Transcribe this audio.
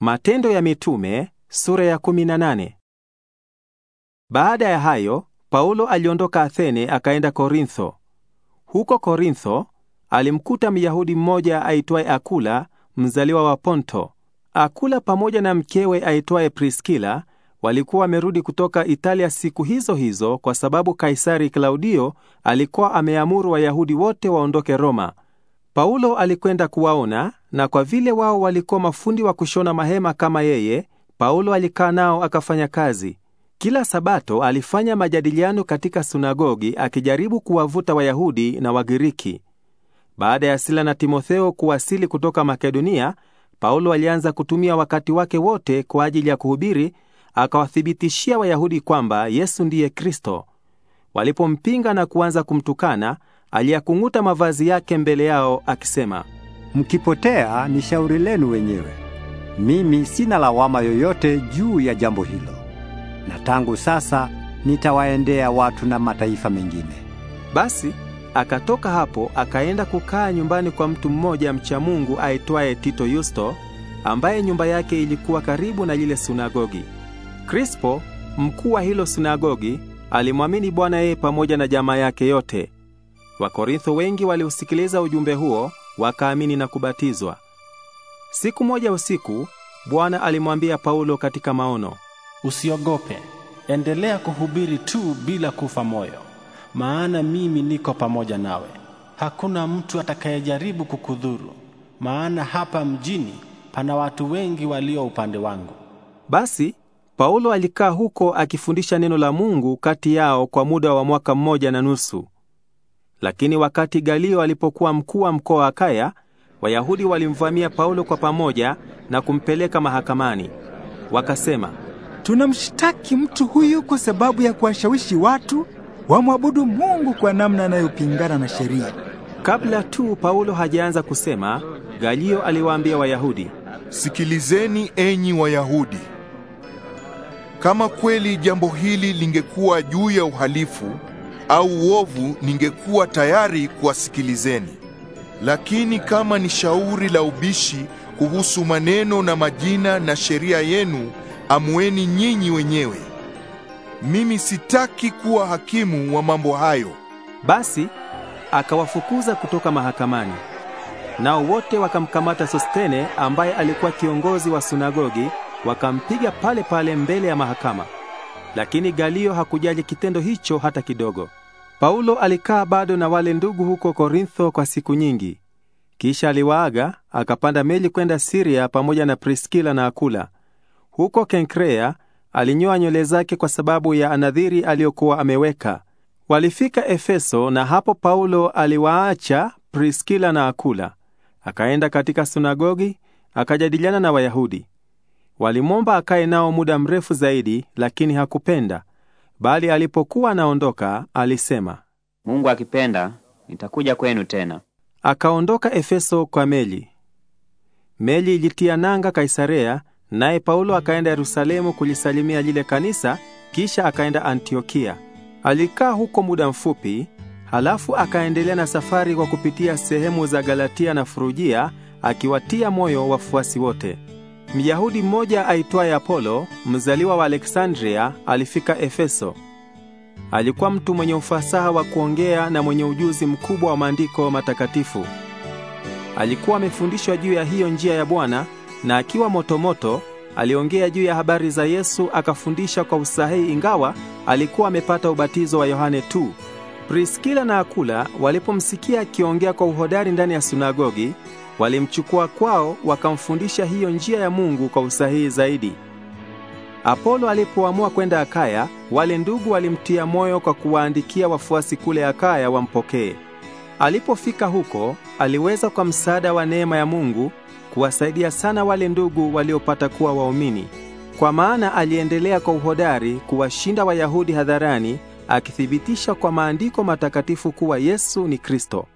Matendo ya Mitume sura ya 18. Baada ya hayo, Paulo aliondoka Athene akaenda Korintho. Huko Korintho alimkuta Myahudi mmoja aitwaye Akula, mzaliwa wa Ponto. Akula pamoja na mkewe aitwaye Priskila walikuwa wamerudi kutoka Italia siku hizo hizo kwa sababu Kaisari Klaudio alikuwa ameamuru Wayahudi wote waondoke Roma. Paulo alikwenda kuwaona, na kwa vile wao walikuwa mafundi wa kushona mahema kama yeye, Paulo alikaa nao akafanya kazi. Kila Sabato alifanya majadiliano katika sunagogi akijaribu kuwavuta Wayahudi na Wagiriki. Baada ya Sila na Timotheo kuwasili kutoka Makedonia, Paulo alianza kutumia wakati wake wote kwa ajili ya kuhubiri, akawathibitishia Wayahudi kwamba Yesu ndiye Kristo. Walipompinga na kuanza kumtukana, aliyakung'uta mavazi yake mbele yao akisema, mkipotea ni shauri lenu wenyewe. Mimi sina lawama yoyote juu ya jambo hilo, na tangu sasa nitawaendea watu na mataifa mengine. Basi akatoka hapo akaenda kukaa nyumbani kwa mtu mmoja mcha Mungu aitwaye Tito Yusto, ambaye nyumba yake ilikuwa karibu na lile sunagogi. Krispo, mkuu wa hilo sunagogi, alimwamini Bwana yeye pamoja na jamaa yake yote, Wakorintho wengi waliusikiliza ujumbe huo wakaamini na kubatizwa. Siku moja usiku, Bwana alimwambia Paulo katika maono, usiogope, endelea kuhubiri tu bila kufa moyo, maana mimi niko pamoja nawe. Hakuna mtu atakayejaribu kukudhuru, maana hapa mjini pana watu wengi walio upande wangu. Basi Paulo alikaa huko akifundisha neno la Mungu kati yao kwa muda wa mwaka mmoja na nusu. Lakini wakati Galio alipokuwa mkuu wa mkoa wa Akaya, Wayahudi walimvamia Paulo kwa pamoja na kumpeleka mahakamani. Wakasema, tunamshtaki mtu huyu kwa sababu ya kuwashawishi watu wamwabudu Mungu kwa namna anayopingana na sheria. Kabla tu Paulo hajaanza kusema, Galio aliwaambia Wayahudi, Sikilizeni enyi Wayahudi. Kama kweli jambo hili lingekuwa juu ya uhalifu au uovu, ningekuwa tayari kuwasikilizeni. Lakini kama ni shauri la ubishi kuhusu maneno na majina na sheria yenu, amueni nyinyi wenyewe. Mimi sitaki kuwa hakimu wa mambo hayo. Basi akawafukuza kutoka mahakamani. Nao wote wakamkamata Sostene ambaye alikuwa kiongozi wa sunagogi, wakampiga pale pale mbele ya mahakama. Lakini Galio hakujali kitendo hicho hata kidogo. Paulo alikaa bado na wale ndugu huko Korintho kwa siku nyingi. Kisha aliwaaga akapanda meli kwenda Siria pamoja na Priskila na Akula. Huko Kenkrea alinyoa nywele zake kwa sababu ya anadhiri aliyokuwa ameweka. Walifika Efeso na hapo Paulo aliwaacha Priskila na Akula. Akaenda katika sunagogi akajadiliana na Wayahudi. Walimwomba akae nao muda mrefu zaidi, lakini hakupenda. Bali alipokuwa anaondoka, alisema, Mungu akipenda, nitakuja kwenu tena. Akaondoka Efeso kwa meli. Meli ilitia nanga Kaisarea, naye Paulo akaenda Yerusalemu kulisalimia lile kanisa, kisha akaenda Antiokia. Alikaa huko muda mfupi, halafu akaendelea na safari kwa kupitia sehemu za Galatia na Furujia, akiwatia moyo wafuasi wote. Myahudi mmoja aitwaye Apolo, mzaliwa wa Aleksandria, alifika Efeso. Alikuwa mtu mwenye ufasaha wa kuongea na mwenye ujuzi mkubwa wa maandiko matakatifu. Alikuwa amefundishwa juu ya hiyo njia ya Bwana na akiwa motomoto aliongea juu ya habari za Yesu akafundisha kwa usahihi ingawa alikuwa amepata ubatizo wa Yohane tu. Priskila na Akula walipomsikia akiongea kwa uhodari ndani ya sinagogi, walimchukua kwao wakamfundisha hiyo njia ya Mungu kwa usahihi zaidi. Apolo alipoamua kwenda Akaya, wale ndugu walimtia moyo kwa kuwaandikia wafuasi kule Akaya wampokee. Alipofika huko, aliweza kwa msaada wa neema ya Mungu kuwasaidia sana wale ndugu waliopata kuwa waumini. Kwa maana aliendelea kwa uhodari kuwashinda Wayahudi hadharani akithibitisha kwa maandiko matakatifu kuwa Yesu ni Kristo.